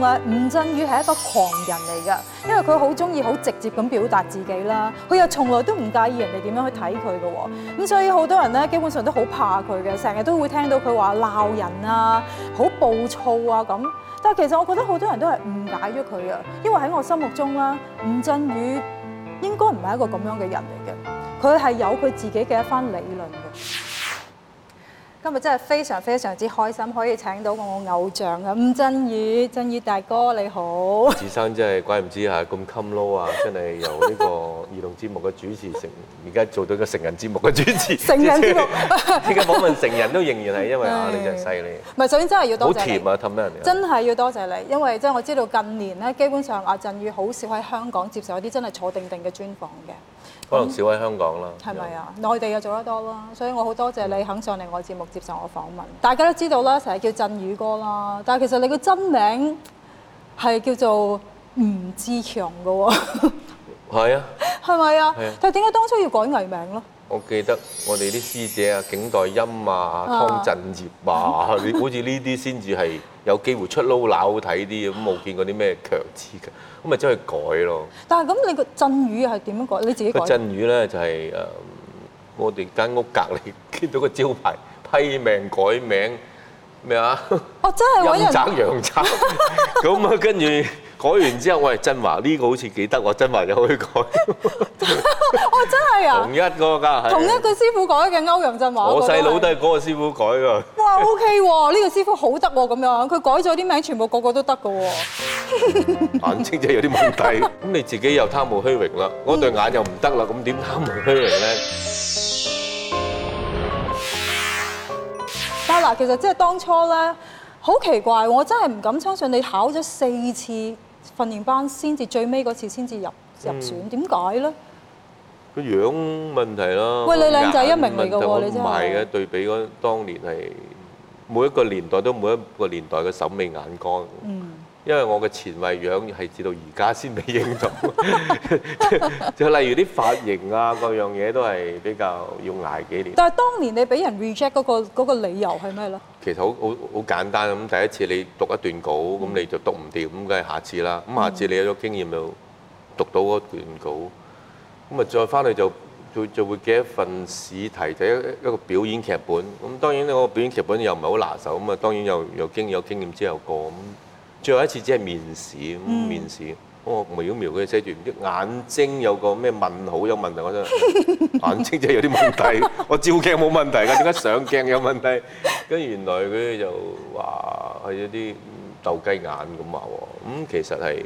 話吳鎮宇係一個狂人嚟噶，因為佢好中意好直接咁表達自己啦，佢又從來都唔介意人哋點樣去睇佢嘅喎，咁所以好多人咧基本上都好怕佢嘅，成日都會聽到佢話鬧人啊，好暴躁啊咁，但係其實我覺得好多人都係誤解咗佢啊，因為喺我心目中啦，吳振宇應該唔係一個咁樣嘅人嚟嘅，佢係有佢自己嘅一番理論嘅。今日真係非常非常之開心，可以請到我偶像啊！吳鎮宇，鎮宇大哥你好。子生真係怪唔知係咁襟撈啊！真係由呢個兒童節目嘅主持成，而家做到個成人節目嘅主持。成人節目，呢個訪問成人都仍然係因為啊，是你真犀利。唔係首先真係要多謝你。好甜啊！氹咩人？真係要多謝你，因為即係我知道近年咧，基本上阿鎮宇好少喺香港接受一啲真係坐定定嘅專訪嘅。可能少喺香港啦。係咪、嗯、啊？內地又做得多啦，所以我好多謝你肯上嚟我節目。接受我訪問，大家都知道啦，成日叫振宇哥啦，但係其實你個真名係叫做吳志強㗎喎。係啊。係咪啊？係啊。但係點解當初要改藝名咯？我記得我哋啲師姐啊，景黛音啊，湯鎮業啊，好似呢啲先至係有機會出撈撈睇啲咁，冇見過啲咩強字嘅咁，咪真係改咯。但係咁，你個振宇係點樣改？你自己改？個振宇咧就係誒，我哋間屋隔離見到個招牌。批命改名咩啊？我真係揾人陰宅陽宅咁啊！跟住改完之後，喂，振華呢個好似幾得喎，振華又可以改。我真係啊！同一嗰個家係同一個師傅改嘅歐陽振華。我細佬都係嗰個師傅改㗎。哇，OK 喎，呢個師傅好得喎，咁樣佢改咗啲名，全部個個都得㗎喎。眼睛就有啲問題，咁你自己又貪慕虛榮啦，我對眼又唔得啦，咁點貪慕虛榮咧？嗱嗱，但其實即係當初咧，好奇怪，我真係唔敢相信你考咗四次訓練班先至最尾嗰次先至入、嗯、入選，點解咧？個樣問題啦，喂，眼 你靚仔一名嚟㗎喎，你真係，對比嗰當年係每一個年代都每一個年代嘅審美眼光。嗯因為我嘅前衞樣係至到而家先未認到， 就例如啲髮型啊，各樣嘢都係比較要捱幾年。 但係當年你俾人 reject 嗰、嗰個嗰個理由係咩囉？其實好好好簡單咁，第一次你讀一段稿咁、嗯、你就讀唔掂咁，梗係下次啦。咁下次你有咗經驗就、嗯、讀到嗰段稿咁啊，再翻去就就就會寄一份試題，就一一個表演劇本咁。當然咧，你個表演劇本又唔係好拿手咁啊，當然又又經有經,有經驗之後過咁。最後一次只係面試，嗯、面試我描描佢寫住，眼睛有個咩問號有問題，我真係 眼睛真係有啲問題。我照鏡冇問題㗎，點解上鏡有問題？跟住 原來佢就話係一啲鬥雞眼咁話喎、嗯，咁其實係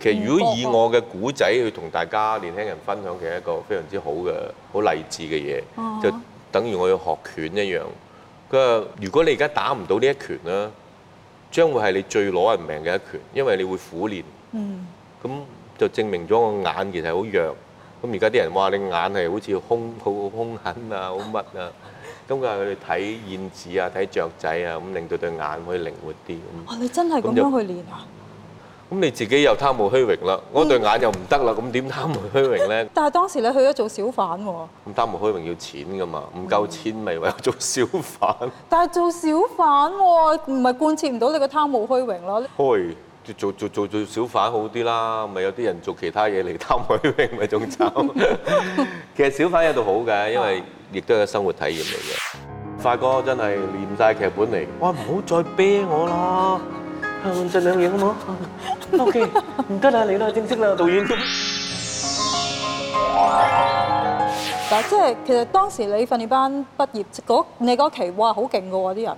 其實如果以我嘅古仔去同大家年輕人分享，其實一個非常之好嘅好勵志嘅嘢，啊、就等於我要學拳一樣。佢話：如果你而家打唔到呢一拳啦，將會係你最攞人命嘅一拳，因為你會苦練，咁、嗯、就證明咗個眼其實好弱。咁而家啲人話你眼係好似好兇，好兇狠啊，好乜啊，咁佢話佢哋睇燕子啊，睇雀仔啊，咁令到對眼可以靈活啲。哇、啊！你真係咁樣去練呀？咁就咁你自己又貪慕虛榮啦，我對眼又唔得啦，咁點貪慕虛榮咧？但係當時你去咗做小販喎。咁貪慕虛榮要錢㗎嘛，唔夠錢咪唯有做小販。但係做小販喎，唔係貫徹唔到你個貪慕虛榮咯。開做做做做小販好啲啦，咪有啲人做其他嘢嚟貪慕虛榮咪仲慘。其實小販喺度好嘅，因為亦都係生活體驗嚟嘅。發哥真係練曬劇本嚟，哇唔好再啤我啦。我盡量影好冇？OK，唔得啦，你、okay. 啦 正式啦，導演。嗱， 即係其實當時你訓練班畢業嗰你嗰期，哇，好勁㗎喎啲人。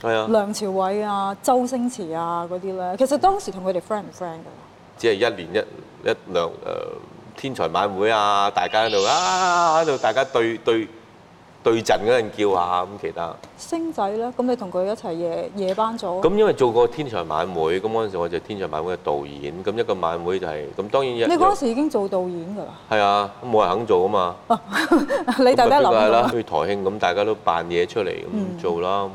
係啊的。梁朝偉啊、周星馳啊嗰啲咧，其實當時同佢哋 friend 唔 friend 㗎？只係一年一一兩誒、呃、天才晚會啊，大家喺度啊，喺度大家對對。對陣嗰陣叫下咁其他，星仔呢，咁你同佢一齊夜夜班做。咁因為做過天才晚會，咁嗰陣時我就天才晚會嘅導演，咁一個晚會就係、是，咁當然一。你嗰陣時已經做導演㗎啦。係啊，冇人肯做啊嘛。 你大家諗啦， 去台慶咁大家都扮嘢出嚟咁、嗯、做啦。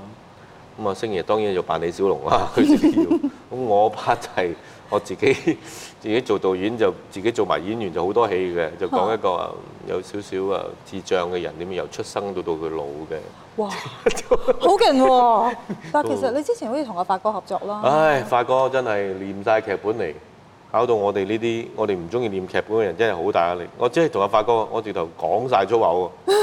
咁啊，星爺當然就扮李小龍啦，佢先要。咁 我拍就係。我自己自己做導演，就自己做埋演員，就好多戲嘅，就講一個有少少啊智障嘅人點樣由出生到到佢老嘅。哇，好勁喎！啊、但其實你之前好似同阿發哥合作啦。唉，發吧哥真係念晒劇本嚟，搞到我哋呢啲我哋唔中意念劇本嘅人真係好大壓力。我即係同阿發哥，我直頭講晒粗口喎。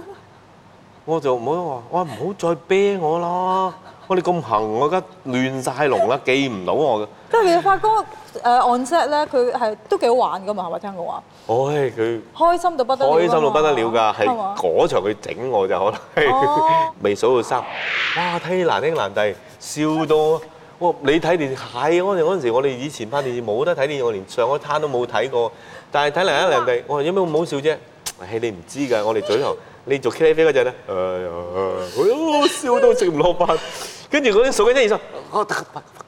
我就唔好話，我唔好再啤我啦。我哋咁行，我而家亂晒龍啦，記唔到我嘅。即係佢發哥誒 on set 咧，佢係都幾好玩噶嘛，係咪聽我話？唉，佢開心到不得開心到不得了㗎，係嗰場佢整我就可能係未數到三，哇睇你難兄難弟，笑到我你睇電視係我哋嗰陣時，我哋以前拍電視冇得睇電視，我連上嗰攤都冇睇過，但係睇嚟啊人哋我話有咩咁好笑啫？唉你唔知㗎，我哋嘴頭你做茄喱啡嗰陣咧，誒啊，我笑到食唔落飯，跟住嗰啲數機先起身，我得翻。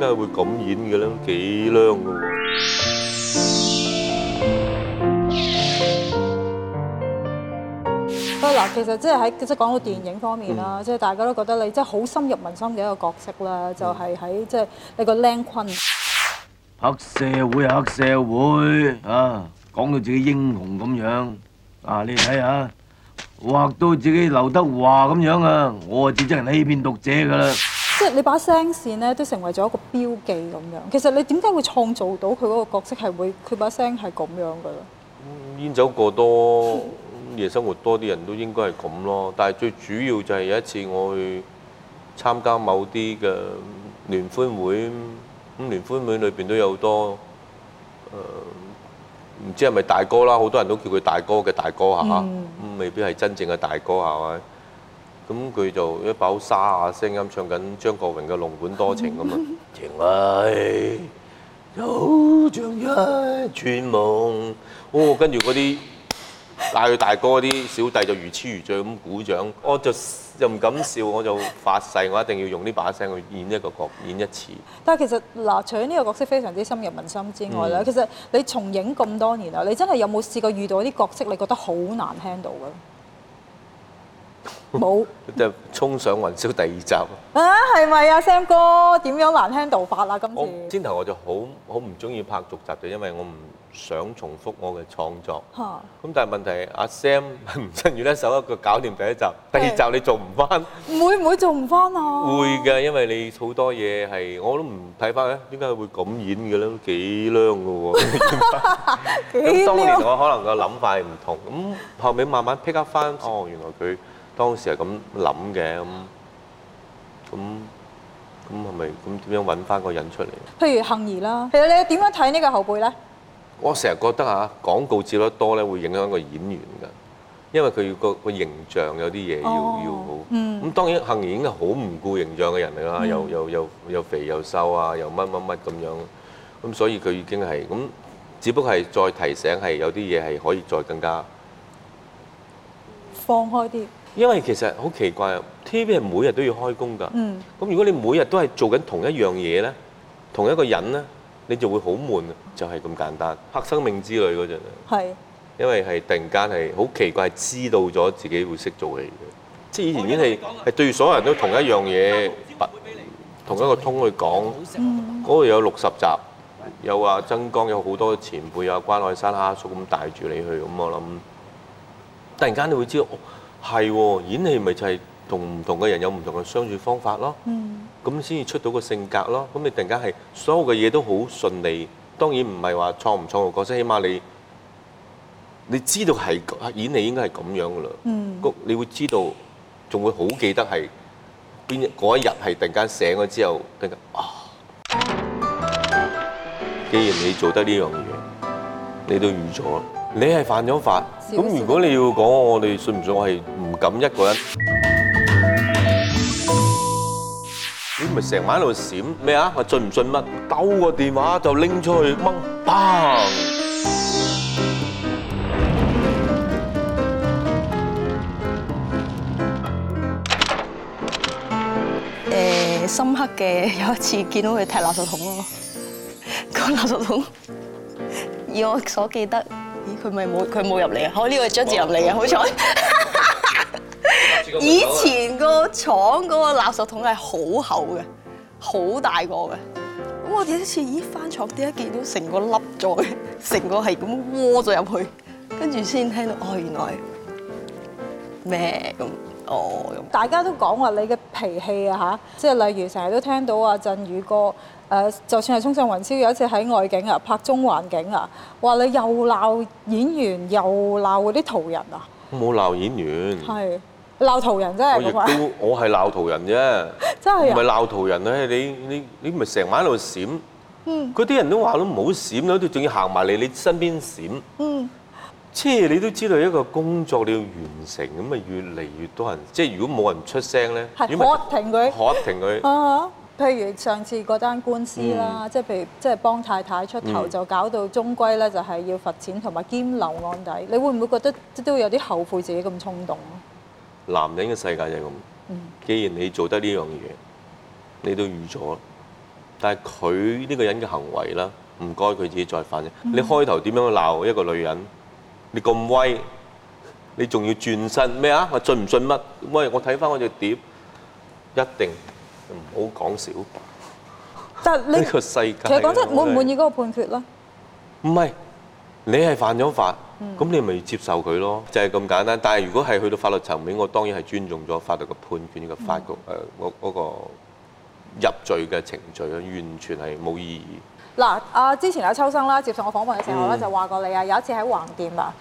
梗係會咁演嘅啦，幾靚嘅喎！不嗱，其實即係喺即係講到電影方面啦，即係大家都覺得你即係好深入民心嘅一個角色啦，就係喺即係你個靚坤。黑社會啊，黑社會啊，講到自己英雄咁樣啊，你睇下，畫到自己劉德華咁樣啊，我係只真人欺騙讀者嘅啦。即係你把聲線咧，都成為咗一個標記咁樣。其實你點解會創造到佢嗰個角色係會佢把聲係咁樣噶咧？煙酒過多， 夜生活多啲人都應該係咁咯。但係最主要就係有一次我去參加某啲嘅聯歡會，咁、嗯、聯歡會裏邊都有好多誒，唔、呃、知係咪大哥啦？好多人都叫佢大哥嘅大哥嚇、嗯嗯，未必係真正嘅大哥係咪？咁佢就一把沙啊，聲音唱緊張國榮嘅《儂本多情》咁啊， 情愛好像一串夢，哦，跟住嗰啲拉佢大哥嗰啲小弟就如痴如醉咁鼓掌，我就又唔敢笑，我就發誓我一定要用呢把聲去演一個角，演一次。但係其實嗱，除咗呢個角色非常之深入民心之外咧，嗯、其實你重影咁多年啦，你真係有冇試過遇到啲角色你覺得好難 handle 嘅？冇就衝上雲霄第二集啊？係咪啊，Sam 哥點樣難聽到法啦？今次先頭我就好好唔中意拍續集就因為我唔想重複我嘅創作。嚇！咁但係問題阿 Sam 唔趁住打手，一個搞掂第一集，第二集你做唔翻。唔會唔會做唔翻啊？會嘅，因為你好多嘢係我都唔睇法嘅，點解會咁演嘅咧？幾靚㗎喎！咁當年我可能個諗法係唔同，咁後尾慢慢 pick up 翻，哦原來佢。當時係咁諗嘅咁，咁咁係咪咁點樣揾翻個人出嚟？譬如杏兒啦，其實你點樣睇呢個後輩咧？我成日覺得啊，廣告接得多咧，會影響個演員㗎，因為佢要個個形象有啲嘢要、哦、要好。嗯。咁當然杏兒已經係好唔顧形象嘅人嚟啦、嗯，又又又又肥又瘦啊，又乜乜乜咁樣。咁所以佢已經係咁，只不過係再提醒係有啲嘢係可以再更加放開啲。因為其實好奇怪，TVB 係每日都要開工㗎。咁、嗯、如果你每日都係做緊同一樣嘢咧，同一個人咧，你就會好悶啊！就係、是、咁簡單，黑生命之旅嗰陣啊。是因為係突然間係好奇怪，係知道咗自己會識做戲嘅。即係以前已經係對所有人都同一樣嘢，同一個通去講。嗰度、嗯、有六十集，有話曾江，有好多前輩啊，關海山哈叔咁帶住你去咁，我諗突然間你會知道。係喎，演戲咪就係同唔同嘅人有唔同嘅相處方法咯，咁先至出到個性格咯。咁你突然間係所有嘅嘢都好順利，當然唔係話創唔創個角色，起碼你你知道係演戲應該係咁樣噶啦。個、mm. 你會知道，仲會好記得係邊嗰一日係突然間醒咗之後，突然間啊，既然你做得呢樣嘢，你都預咗。你係犯咗法，咁如果你要講我，我哋信唔信？我係唔敢一個人，咁咪成晚喺度閃咩啊？我信唔信乜？兜個電話就拎出去掹 bang。誒深刻嘅有一次見到佢踢垃圾桶咯，個垃圾桶，以我所記得。佢咪冇佢冇入嚟啊！我呢個張智入嚟啊！好彩。以前個廠嗰個垃圾桶係好厚嘅，好大個嘅。咁我第一次，咦？翻廠點解見到成個凹咗嘅，成個係咁窩咗入去，跟住先聽到哦、哎，原來咩咁哦咁。大家都講話你嘅脾氣啊嚇，即係例如成日都聽到阿鎮宇哥，誒，就算係衝上雲霄，有一次喺外景啊，拍中環境啊，話你又鬧演員，又鬧嗰啲途人啊，冇鬧演員，係鬧途人啫，我亦都，我係鬧途人啫，真係唔係鬧途人咧？你你你咪成晚喺度閃，嗰啲人都話咯，唔好閃咯，仲要行埋嚟你身邊閃，即係你都知道一個工作你要完成，咁啊越嚟越多人，即係如果冇人出聲咧，喝停佢，喝停佢。譬如上次嗰單官司啦，即係、嗯、譬如即係幫太太出頭、嗯、就搞到終歸咧，就係要罰錢同埋兼留案底。你會唔會覺得即都有啲後悔自己咁衝動？男人嘅世界就係咁。嗯、既然你做得呢樣嘢，你都預咗。但係佢呢個人嘅行為啦，唔該佢自己再反應。嗯、你開頭點樣鬧一個女人？你咁威，你仲要轉身咩啊？我信唔信乜？喂，我睇翻我隻碟，一定。唔好講少，但呢個世界，其實講真滿唔滿意嗰個判決咧？唔係，你係犯咗法，咁、嗯、你咪接受佢咯，就係、咁簡單。但係如果係去到法律層面，我當然係尊重咗法律嘅判決，呢個、嗯呃嗰個法局誒嗰入罪嘅程序咧，完全係冇意義。嗱，啊之前阿秋生啦，接受我訪問嘅時候咧，嗯、就話過你啊，有一次喺橫店啊。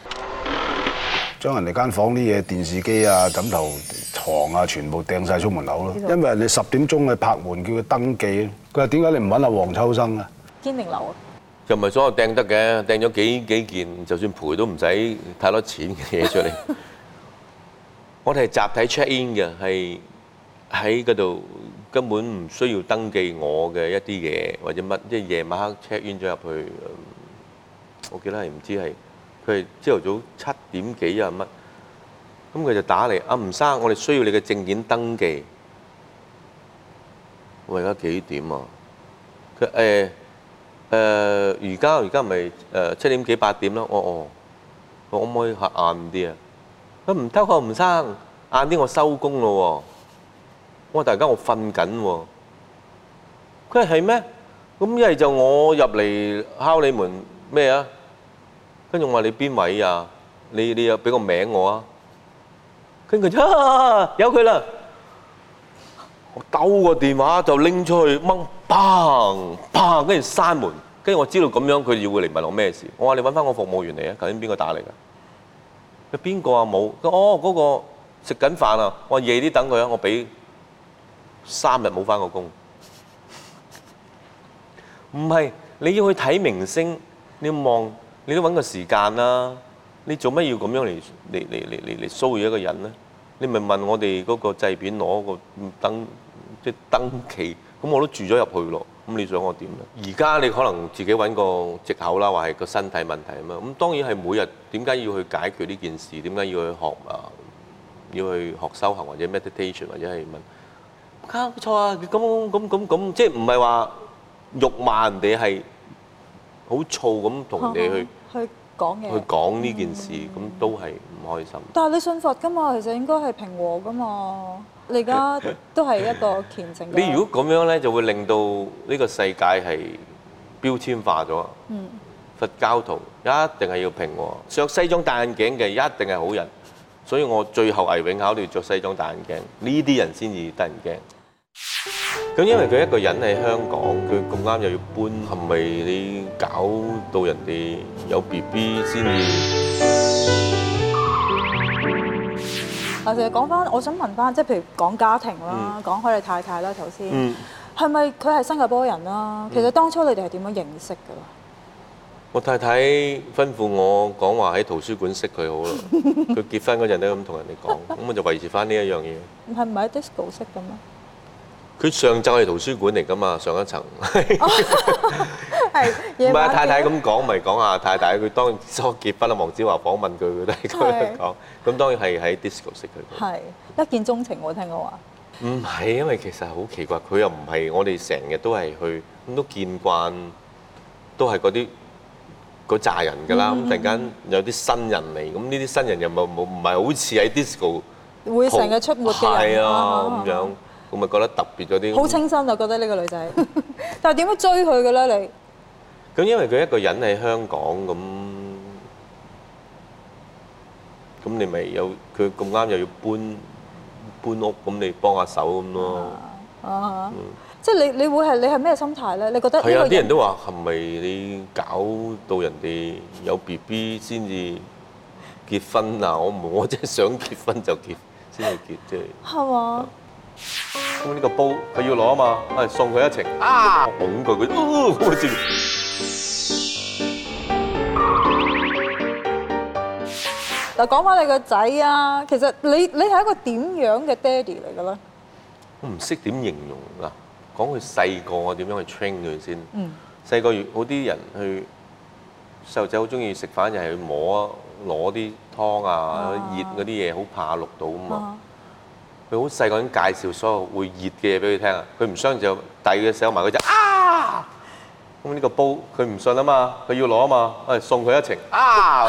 將人哋間房啲嘢電視機啊、枕頭、牀啊，全部掟曬出門口咯。因為你十點鐘去拍門叫佢登記，佢話點解你唔揾阿黃秋生啊？堅定留啊！又唔係所有掟得嘅，掟咗幾幾件，就算賠都唔使太多錢嘅嘢出嚟。我哋係集體 check in 嘅，係喺嗰度根本唔需要登記我嘅一啲嘢或者乜，即係夜晚黑 check in 咗入去，我記得係唔知係。佢朝頭早七點幾啊？乜咁佢就打嚟啊？吳生，我哋需要你嘅證件登記。我話而家幾點啊？佢誒誒，而家而家唔係七點幾八點啦？哦哦，我可唔可以下晏啲啊？佢唔得啊，吳生，晏啲我收工咯。我話大家我瞓緊喎。佢係咩？咁一係就我入嚟敲你門咩啊？跟住我話你邊位啊？你你又俾個名我啊？跟住嚇，有佢啦！我兜個電話就拎出去，掹砰砰，跟住閂門。跟住我知道咁樣佢要會嚟問我咩事。我話你揾翻我服務員嚟啊！究竟邊個打嚟噶？佢邊個啊？冇。佢哦嗰個食緊飯啊！我夜啲等佢啊！我俾三日冇翻個工。唔係你要去睇明星，你望。你都揾個時間啦！你做咩要咁樣嚟嚟嚟嚟嚟騷擾一個人呢？你咪問我哋嗰個製片攞個登即係登記，咁、即係、我都住咗入去咯。咁你想我點呢？而家你可能自己揾個藉口啦，或係個身體問題啊嘛。咁當然係每日點解要去解決呢件事？點解要去學啊？要去學修行或者 meditation 或者係問冇錯啊！咁咁咁咁即係唔係話辱罵人哋係好燥咁同你去。去講嘢，去講呢件事咁、嗯、都係唔開心。但係你信佛噶嘛，其實應該係平和噶嘛。你而家都係 一個虔誠。你如果咁樣呢，就會令到呢個世界係標籤化咗。嗯、佛教徒一定係要平和，着西裝戴眼鏡嘅一定係好人。所以我最後危永考慮着西裝戴眼鏡，呢啲人先至得人驚。咁因為佢一個人喺香港，佢咁啱又要搬，係咪你搞到人哋有 BB 先至？啊，成日講翻，我想問翻，即係譬如講家庭啦，講開你太太啦，頭先係咪佢係新加坡人啦？其實當初你哋係點樣認識㗎？我太太吩咐我講話喺圖書館識佢好啦，佢結婚嗰陣都咁同人哋講，咁我就維持翻呢一樣嘢。唔係喺 disco 識㗎咩？佢上晝係圖書館嚟㗎嘛，上一層。係。 唔晚係太太咁講，咪講阿太太。佢當初結婚啊，黃子華訪問佢佢都係咁樣講。咁是當然係喺 disco 識佢。係一見鍾情我聽講話。唔係，因為其實好奇怪，佢又唔係我哋成日都係去，都見慣都，都係嗰啲嗰扎人㗎啦。咁、嗯、突然間有啲新人嚟，咁呢啲新人又冇冇唔係好似喺 disco 會成日出沒嘅人。係啊，咁樣。嗯嗯 我咪覺得特別咗啲好清新啊！覺得呢個女仔， 但係點樣追佢嘅咧？你咁因為佢一個人喺香港咁，咁你咪有佢咁啱又要搬搬屋，咁、啊啊嗯、你幫下手咁咯。即係你你會係你係咩心態咧？你覺得係啊？啲人都話係咪你搞到人哋有 B B 先至結婚啊？我唔，我即係想結婚就結，先至結啫，係、就、係、係嗎咁呢個煲佢要攞啊嘛，係、嗯、送佢一程，拱佢佢，嗱，講、呃、翻 你個仔啊，其實你你係一個點樣嘅爹地嚟噶咧？我唔識點形容嗱，講佢細個我點樣去 train 佢先。嗯，細個月好啲人去，細路仔好中意食飯，就係、是、去摸攞啲湯啊、啊熱嗰啲嘢，好怕渌到啊嘛。啊佢好細個已經介紹所有會熱嘅嘢俾佢聽啊！佢唔相信就遞嘅時候埋佢就啊！咁呢個煲佢唔信啊嘛，佢要攞啊嘛，誒送佢一程啊！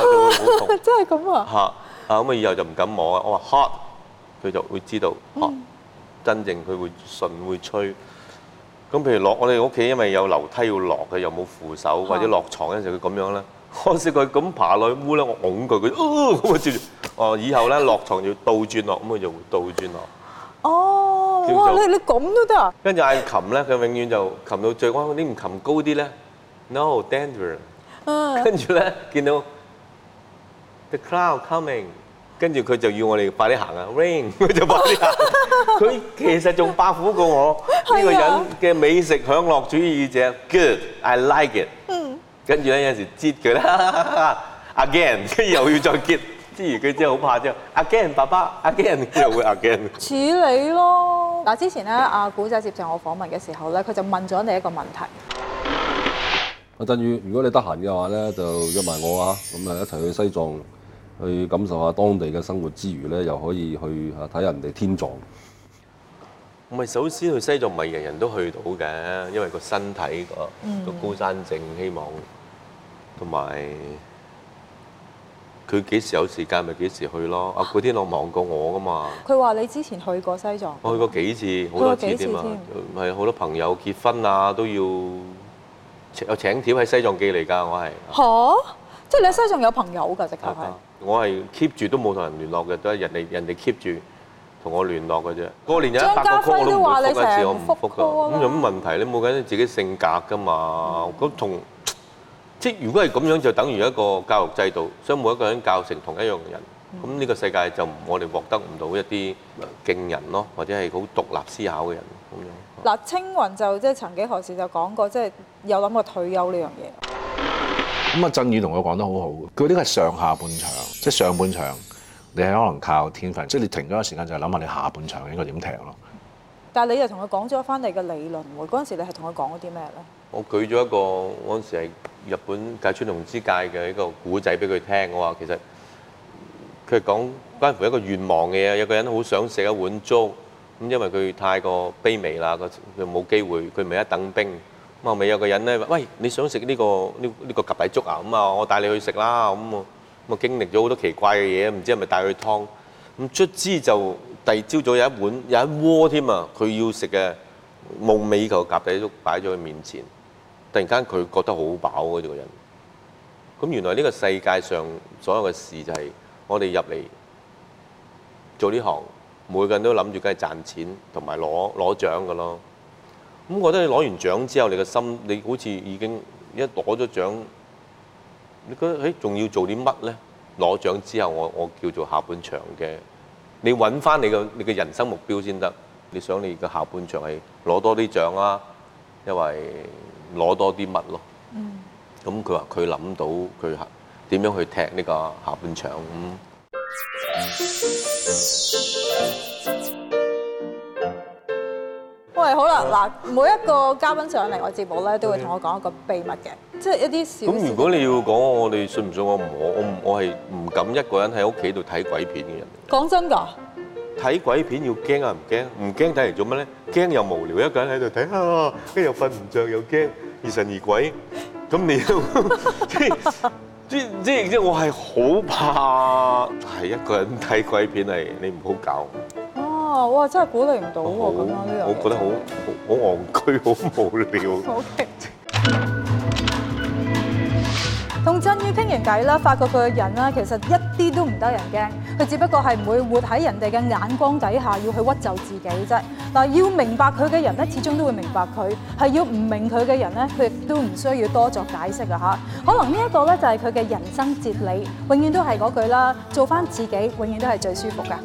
真係咁啊！吓？啊！咁 啊，啊以後就唔敢摸啊！我話 hot，佢就會知道、嗯啊、真正佢會信會吹。咁譬如落我哋屋企，因為有樓梯要落嘅，又冇扶手、嗯、或者落床嗰陣時候，佢咁樣咧，我識佢咁爬落去污咧，我擁佢佢啊咁啊住。哦，以後咧落牀要倒轉落，咁佢就會倒轉落。哦，哇，你你咁都得啊？跟住嗌琴咧，佢永遠就琴到最高，你唔琴高啲咧。No danger。嗯。跟住咧，見到 the cloud coming，跟住佢就要我哋快啲行啊！Rain，佢就快啲行。佢其實仲霸虎過我。係啊。呢個人嘅美食享樂主義者。Good，I like it。嗯。跟住咧有時接佢啦，again，跟住又要再接。之餘佢真係好怕啫，阿 Gem 爸爸，阿 Gem 又會阿 Gem，似你咯。嗱，之前咧阿古仔接受我訪問嘅時候咧，佢就問咗你一個問題。阿振、啊、宇，如果你得閒嘅話咧，就約埋我啊，咁啊一齊去西藏去感受下當地嘅生活之餘咧，又可以去吓睇人哋天葬。唔係、嗯、首先去西藏唔係人人都去到嘅，因為個身體、個高山症，希望同埋。佢幾時有時間咪幾時去咯？啊，古天樂望過我噶嘛。佢話你之前去過西藏。我去過幾次，好多次添。咪好多朋友結婚啊，都要有請帖喺西藏寄嚟㗎。我係嚇，即係你西藏有朋友㗎？直頭係。我係 keep 住都冇同人聯絡嘅，都係人哋人哋 keep 住同我聯絡嘅啫。過年有一百個 call 我都唔復嘅，我唔復㗎。咁有乜問題你冇緊，自己性格㗎嘛。咁同。即如果係咁樣，就等於一個教育制度，將每一個人教成同一樣嘅人。咁呢、嗯、個世界就我哋獲得唔到一啲勁人咯，或者係好獨立思考嘅人咁樣。嗱，青雲就即係、就是、曾幾何時就講過，即、就、係、是、有諗過退休呢樣嘢。咁啊、嗯，振宇同我講得好好，佢呢個係上下半場，即、就、係、是、上半場你係可能靠天分，即、就、係、是、你停咗個時間就係諗下你下半場應該點停咯。但係你又同佢講咗翻嚟嘅理論喎，嗰時你係同佢講咗啲咩咧？我舉咗一個嗰陣時係日本芥川龍之介嘅一個古仔俾佢聽，我話其實佢講關乎一個願望嘅嘢，有個人好想食一碗粥，咁因為佢太過卑微啦，佢冇機會，佢唔係一等兵。咁後尾有個人咧，喂，你想食呢個呢呢個及第粥啊？咁啊我帶你去食啦。咁啊經歷咗好多奇怪嘅嘢，唔知係咪帶佢劏咁卒之就。第二朝早有一碗有一鍋添啊！佢要食嘅夢寐以求嘅鴿仔粥擺咗佢面前，突然間佢覺得好飽呢個人、啊。咁原來呢個世界上所有嘅事就係我哋入嚟做呢行，每個人都諗住梗係賺錢同埋攞攞獎嘅咯。咁我覺得你攞完獎之後，你嘅心你好似已經一攞咗獎，你覺得誒仲、欸、要做啲乜咧？攞獎之後，我我叫做下半場嘅。你揾翻你嘅你嘅人生目標先得，你想你嘅下半場係攞多啲獎啦，因為攞多啲物咯。咁佢話佢諗到佢點樣去踢呢個下半場咁。嗯喂，好啦，嗱，每一個嘉賓上嚟，我節目咧都會同我講一個秘密嘅，即係一啲事。咁如果你要講我哋信唔信我唔我我我係唔敢一個人喺屋企度睇鬼片嘅人。講真㗎？睇鬼片要驚啊？唔驚？唔驚睇嚟做乜咧？驚又無聊，一個人喺度睇啊，跟住又瞓唔著又驚，疑神疑鬼。咁你即即即即我係好怕係一個人睇鬼片係，你唔好搞。冇、哦、真係鼓勵唔到喎，咁樣呢樣。我覺得好好好戇居，好無 聊。好同振宇傾完偈啦，發覺佢嘅人啦，其實一啲都唔得人驚。佢只不過係唔會活喺人哋嘅眼光底下，要去屈就自己啫。嗱，要明白佢嘅人咧，始終都會明白佢。係要唔明佢嘅人咧，佢亦都唔需要多作解釋啊！嚇，可能呢一個咧，就係佢嘅人生哲理。永遠都係嗰句啦，做翻自己，永遠都係最舒服噶。